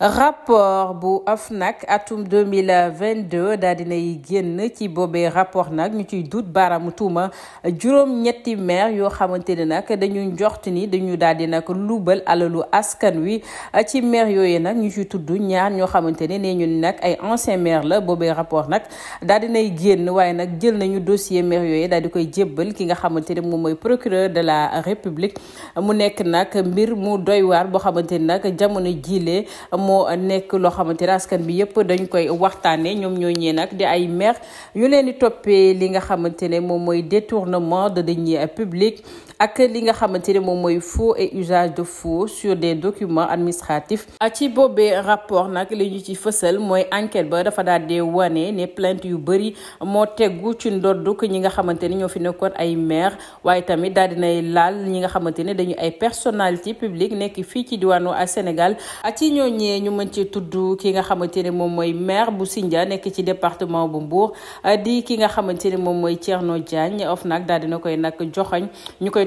rapport bu afnak atum 2022 daa dinay genn ci bobé rapport nak ñu ci doute baramu tuma juroom ñetti maire yo xamanteni nak dañu njort ni dañu daal di nag alalu askan wi ci maire yooyu nak ñu ci tudd ñaar ño xamanteni né ñun nak ay ancien maire la bobé rapport nak daa dinay genn waaye nak jël nañu dossier maire yooyu dal di koy jébbal ki nga xamanteni ne procureur de la république mu nek nak mbir mu doy war bo xamanteni nak jamono jilé moo nekk loo xamante ne askan bi yëpp dañ koy waxtaanee ñoom ñoo ñee nag di ay maire ñu leen di toppee li nga xamante ne moom mooy détournement de deniers publics ak li nga xamante mom moy faux et usage de faux sur des documents administratifs a ci bobé rapport nak li ñu ci fësal moy enquête ba dafa daal de wane né plainte yu bëri mo téggu ci ndodduk ñi nga xamante ñofi ñoo ay maire waye tamit daal dinay laal ñi nga xamante dañu ay personnalité publique nekk fi ci diwanu diwaanu Sénégal a ci ñooñee ñu mën ci tudd ki nga xamante mom moy maire bu Sindia nekk ci département bu Mbour di ki nga xamante mom moy mooy Thierno Diagne of nak daal dina koy nak joxagne ñukoy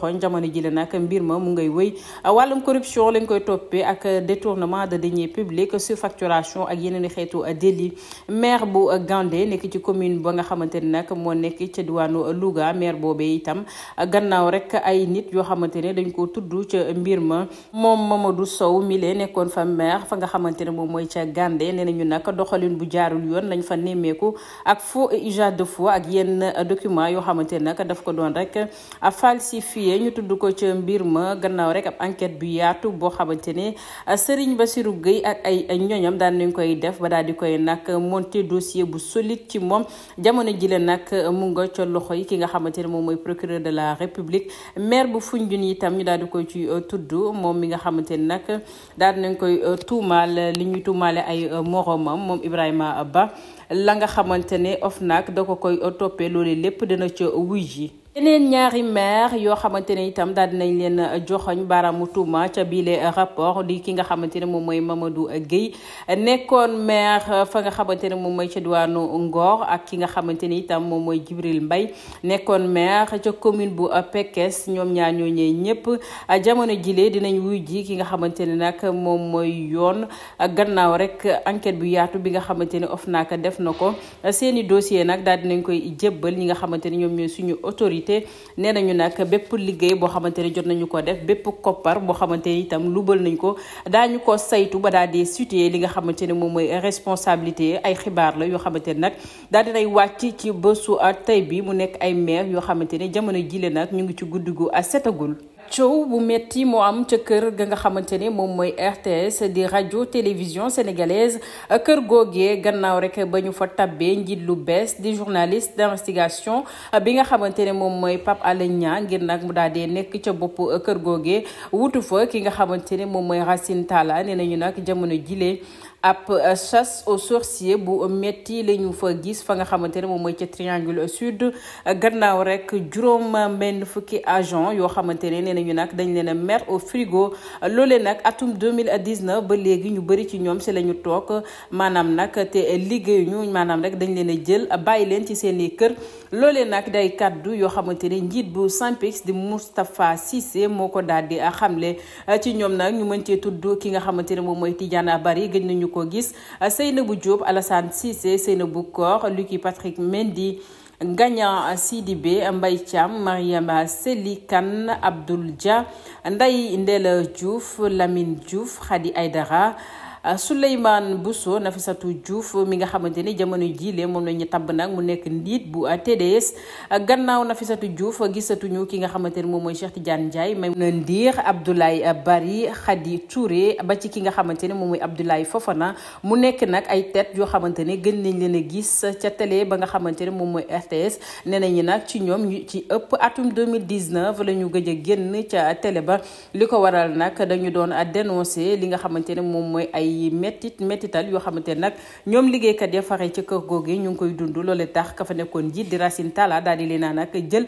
joxoñ jamono ji le nag mbir ma mu ngay wëy wàllum corruption lañ koy toppee ak détournement de deniers publics surfacturation ak yeneen i xeetu délit maire bu Gandé nekk ci commune ba nga xamante ni nag moo nekk ca diwaanu Louga maire boobee itam gannaaw rek ay nit yoo xamante ne dañ ko tudd ca mbir ma moom Mamadou Sow mi nekkoon fa maire fa nga xamante ne moom mooy ca Gandé nee nañu nag doxalin bu jaarul yoon lañ fa nemmeeku ak foo et usage de faux ak yenn documents yoo xamante ne nag daf ko doon rek falsifié yooyee ñu tudd ko ca mbir ma gannaaw rek ab enquête bu yaatu boo xamante ne ba ah, Bassirou Gueye ak ay ñoñam daan nañ koy def ba daal di koy nag monter dossier bu solide ci moom jamono jile nag mu nga ca loxo yi ki nga xamante ne moom mooy procureur de la république maire bu Foundiougne itam ñu daal di koy ci euh, tudd moom mi nga xamante ne nag daal nañ koy euh, tuumaal li ñuy tuumaale ay euh, moromam moom Ibrahima Ba la nga xamante ne OFNAC da ko koy toppee loolu lépp dina ca wuy yi yeneen ñaari maire yoo xamante ne itam daal nañ leen euh, joxoñ baaraamu tuuma ca biile euh, rapport di ki nga xamante ne moom mooy Mamadou euh, Guèye nekkoon maire fa nga xamante ne moom mooy ca diwaanu Ngor ak ki nga xamante ni itam moom mooy Djibril Mbaye nekkoon maire ca commune bu Pekes ñoom ñaar ñooñee ñëpp jamono jilee dinañ wuy ji ki nga xamante ne nag moom mooy yoon gannaaw rek enquête bu yaatu bi nga xamante ne OFNAC def na ko seen i dossier nag daal nañ koy jébbal ñi nga xamante ni ñoom suñu autorité sécurité nee nañu nag bépp liggéey boo xamante ne jot nañu ko def bépp koppar boo xamante ne itam lubal nañ ko daañu ko saytu ba daal di situé li nga xamante ne moom mooy responsabilité ay xibaar la yoo xamante ne nag daal dinay wàcc ci bësu bésu tey bi mu nekk ay maire yoo xamante ne jamono jile nag ñu ngi ci guddi gu a setagul coow bu metti moo am ca kër ga nga xamante ne moom RTS di Radio télévision sénégalaise kër googee gannaaw rek ba ñu fa tabbee njiit lu di journaliste d'investigation bi nga xamante ne moom mooy Pape Alé Niang ngir nag mu daal nekk ca bopp kër googee fa ki nga xamante ne moom mooy Racine Talla nee nañu nag jamono jilee ab euh, chasse aux sorciers bu metti lañu fa gis fa nga xamantene mom moy ci triangle sud gannaaw rek juróom benn fukki agent yo xamantene ne nak dañ leena mer au frigo lolé nak atum 2019 ba légui ñu bari ci ñom ci lañu tok manam nak té liggéey ñu manam rek dañ leena a jël bàyyi leen ci seeni kër lolé nak day kaddu yo xamantene njit bu bu Synpics di Moustapha Cissé moko daal di ci ñom nag ñu mën cee tudd ki nga xamantene mom moy Tidiane Bari gëj nañu ko gis Seynabou Diop Alassane Cissé Seynabou Kor Lucky Patrick Mendy Gagnan Sidibé Mbaye Thiam Mariama Selikan Abdoul Dia Ndeye Ndella Diouf Lamine Diouf Khadi Aidara Euh, Souleymane Bousso Nafissatou Diouf mi nga xamante ni jamono jiile moom la ñu tabb nag mu nekk ndiit bu TDS euh, gannaaw Nafissatou Diouf gisatuñu ki nga xamante ni moom mooy Cheikh Tidiane Ndiaye Maïmouna Ndir Abdoulaye Bari Khady Touré ba ci ki nga xamante ni moom mooy Abdoulaye Fofana mu nekk nag ay tête yoo xamante ni gën nañ leen gis ca télé ba nga xamante ni moom mooy RTS nee nañu nag ci ñoom ci ëpp atum 2019 la ñu gëj a génn ca tele ba li ko waral nag dañu doon dénoncé li nga xamante ni moom mooy ay ay méttit méttital yoo xamante ne nag ñoom liggéeykat ya fare ci kër googu ñu ngi koy dund loolee tax ka fa nekkoon jiit di Racine Talla daal leen a nag jël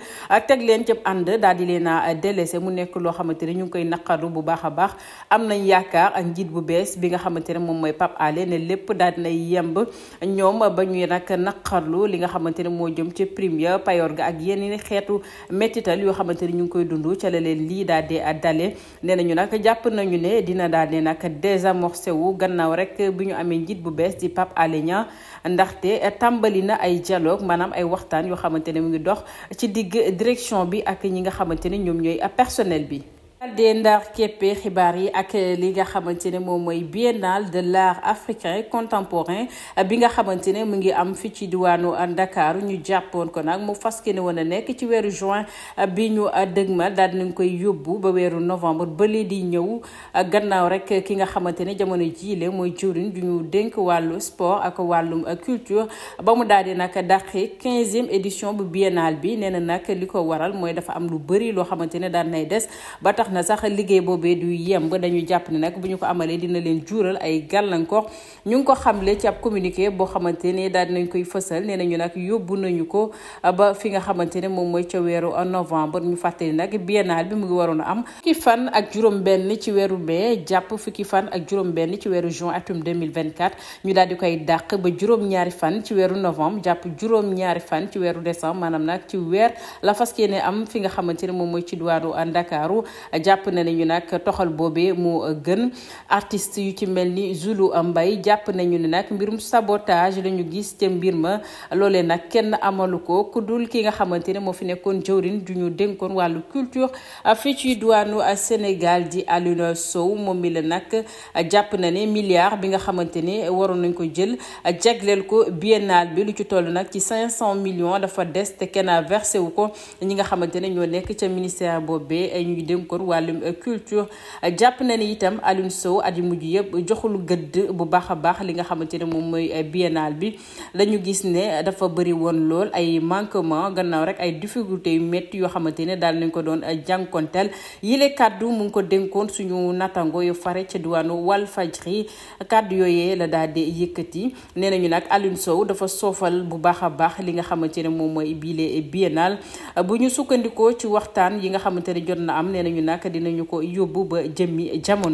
di leen a délaissé mu nekk loo xamante ne ñu ngi koy naqaru bu baax a baax am nañ yaakaar ak njiit bu bees bi nga xamante ne moom mooy Pape Alé ne lépp daal dinay yemb ñoom ba ñuy nag naqarlu li nga xamante ne moo jëm ci premier payor ga ak yeneen xeetu méttital yoo xamante ne ñu ngi koy dund ca la leen lii jàpp nañu ne dina daal di nag désamorcé wu gannaaw rek bi ñu amee njiit bu bees di Pape Alé Niang ndaxte tàmbali na ay dialogue maanaam ay waxtaan yoo xamante ne mu ngi dox ci digg direction bi ak ñi nga xamante ne ñoom ñooy personnel bi dee ndax keppe xibaar yi ak li nga xamante ne moom mooy biennale de l'art africain contemporain bi nga xamante ne mu ngi am fi ci diwaanu Ndakaaru ñu jàppoon ko nag mu fas yéene woon nekk ci weeru juin bi ñu dëgmal daal nag koy yóbbu ba weeru novembre ba lii di ñëw gannaaw rek ki nga xamante ne jamono jiile mooy jëwriñ du ñu dénk wàllu sport ak wàllum culture ba mu daal di nag dàqi quinzième édition bu biennale bi nee na nag li ko waral mooy dafa am lu bëri loo xamante ne daan des na sax liggéey boobee du yemb dañu jàpp ne nag bu ñu ko amalee dina leen juural ay gàllankoor ñu ngi ko xamle ci ab communiqué boo xamante ne daal dinañ koy fësal nee nañu nag yóbbu nañu ko ba fi nga xamante ne moom mooy ca weeru novembre ñu fàttali nag biennale bi mu ngi waroon a am fukki fan ak juróom-benn ci weeru mai jàpp fukki fan ak juróom-benn ci weeru juin atum 2024 ñu daal di koy dàq ba juróom-ñaari fan ci weeru novembre jàpp juróom-ñaari fan ci weeru décembre maanaam nag ci weer la fas yéene am fi nga xamante ne moom mooy ci diwaanu Ndakaaru jàpp nañu nag toxal boobee mu gën artiste yu ci mel Zulu ambay jàpp nañu ne nag mbirum sabotage le gis ca mbir ma loolee nag kenn amalu ko ku dul ki nga xamante ne fi nekkoon jëwrin du ñu dénkoon culture fii ci diwaanu Sénégal di Alioune Sow moom mi la nag jàpp na ne milliard bi nga xamante ne waroon nañ ko jël jagleel ko biennale bi lu ci toll nag ci 500 millions dafa des te kenn versé wu ko ñi nga xamante ne ñoo nekk ca ministère boobee ñuy dénkoon wàllum euh, culture jàpp na ni itam Alioune Sow at yu mujj yëpp joxul gëdd bu baax a baax li nga xamante ne moom mooy euh, biennale bi dañu gis ne dafa bëri woon lool ay manquement gannaaw rek ay difficultés yu métti yoo xamante ne daal nañ ko doon euh, jànkonteel yile kàddu mu ngi ko dénkoon suñu nattango yu fare ca diwaanu Walfadjri kàddu yooyee la daal di yëkkati nee nañu nag Alioune Sow dafa soofal bu baax a baax li nga xamante ne moom mooy biile biennale ñu sukkandikoo ci waxtaan yi nga xamante ne jot na am nee nañu nag nag ko yóbbu ba jëmmi jamono.